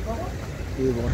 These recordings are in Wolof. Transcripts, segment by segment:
이거 먹어? 이거 먹어.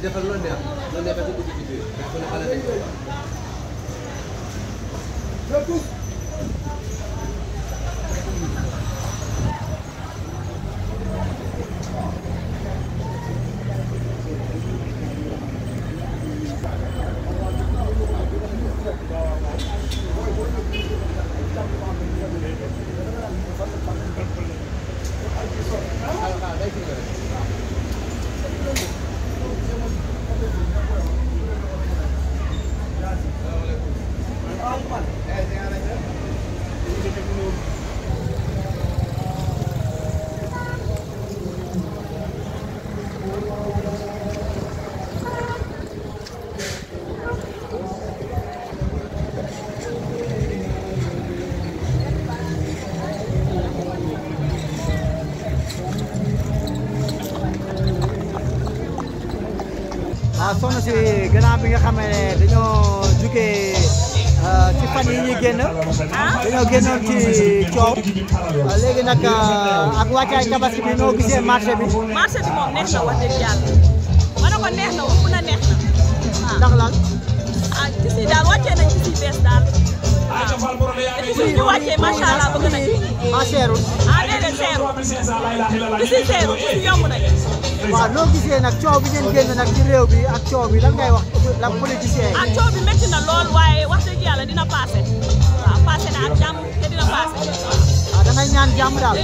dia kalau dia, lawan dia pasti tujuh tujuh. Kalau kalah dia. soxna si gannaaw bi nga xam ne dañoo jugee euh, ci fan yi ñuy génn. dañoo génnoon ci coow. léegi nag euh, ak wàccaay tabaski bi noo gisee marché bi. marché bi moom neex na wax dëgg yàlla. lan. ah gis nga daal wàccee nañ ci bees daal. waaw ah, te gis ñu wàccee macha allah bëgg nañ. ah seerul. ah waaw lool gisee nag coow bi ngeen génn nag bi ak coow bi lan ngay wax la politicien ak coow bi métti lool waaye wax dëgg yàlla dina passé waaw passé na ak jàmm te dina passé waaw da ñaan jàmm daal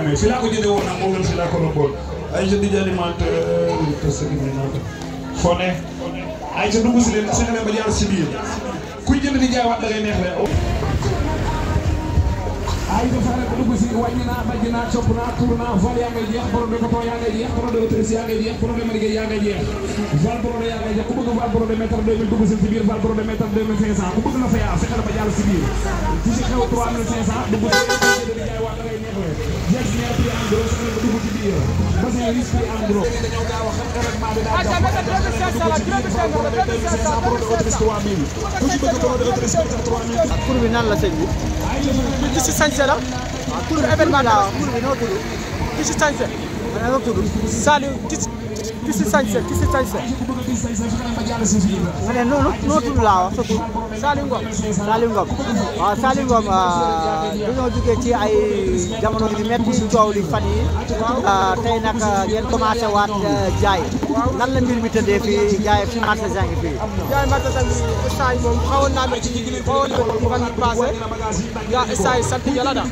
la si laa ko lëkkoon ay jënd di alimenté te kuy jënd di jaay waat da ngay neex rek. ay defar ak dugg si wàññi naa bàjj naa copp naa tuur naa vol yaa ngay jeex borom de yaa ngay jeex borom de autorise yaa ngay jeex borom de yaa ngay jeex ku bëgg na fa yaa na ba jàll si biir ci si xew 3500 dugg si di jaay waa da ngay neexle jeex neex a bi daa la sëñ كيش سانسلا كل أبد ki si sañse ki si sañse ma ne noonu noo tudd laa wax sa tur Saliou Ngom Saliou Ngom waaw Saliou Ngom ah, dañoo jógee ci ay jamono di metti si coow li fan yi ah, tey nag ah, ngeen commencé waat jaay lan la mbir mi tëddee fii jaay marché jàng fii jaay marché jàng moom xawoon naa métti ci xawoon naa fan yi passé yaa saa yi sant yàlla daal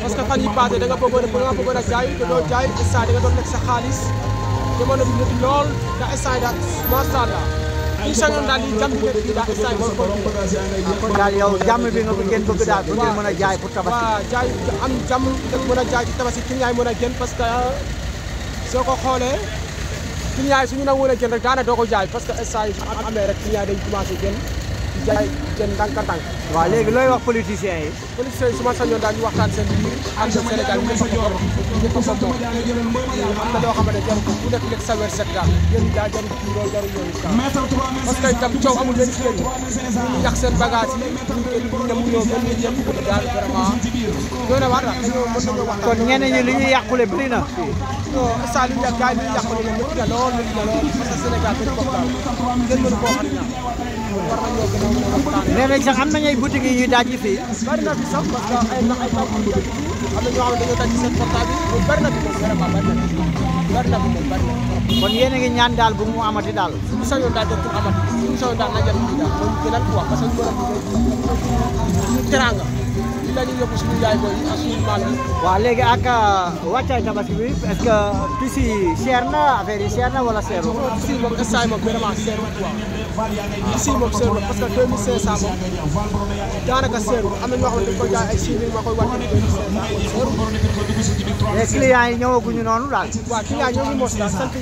parce que fan yi passé da nga a da nga a jaay te doo nekk sa xaalis jamono bi métti lool daa instant daal macha allah fii sañoon daal di jàmm nekk fii daal instant ah, daal yow jàmm bi nga ngeen bëgg daal bu ngeen mën a jaay pour tabaski waaw jaay am jàmm mën a jaay ci tabaski ki yaay mën a génn parce que soo ko xoolee client yi su ñu la woon a jënd rek daana doo ko jaay parce que instant yi amee rek client dañ commencé génn jaay wàcceen ndànk a ndànk waaw léegi looy wax politiciens yi politiciens yi su ma sañoon daal ñu waxtaan seen biir ànd Sénégal ñëpp a ko ñëpp a ko am na loo xamante jarul ko ku nekk nekk sa weer set daal yéen daa jarul kii loolu jarul yoonu parce que itam coow amul benn njëriñ ñu yàq seen bagage yi ñu ne mu ñëw mën nañ yëpp ko daal vraiment doy na waar daal dañoo mën nañoo waxtaan kon ñeneen ñi li ñuy yàqule bëri na non saa li ñu yàq gars yi li ñu yàqule ñoom métti na lool métti na lool parce que Sénégal dañ bokk daal kenn mënu koo xam ñaar léeg-léeg sax am nañu ay boutique yi ñuy fi sax parce que ay ndax ay taw am na ñoo xam ne dañoo daj seen portable yi bari fi moom vraiment bari fi bari fi moom bari na fi. kon yéen a ngi ñaan daal bu mu amati daal. suñu sañoon daal jotul amati suñu sañoon daal na jot ci la ñuy yóbbu suñu jaay booy yi ak suñu léegi ak euh, wàccaay tabaski bi est-ce que pis na affaire yi cher na wala seerul. pis yi moom instant yii moom vraiment seerul quoi. pis yi moom seerul parce que 2500 moom daanaka seerul am na ñoo xamante ne koy jaay ay 6000 ma koy wàcc 2500. mais clients yi ñëwaguñu noonu daal. waaw clients ñoo ngi mos daal sant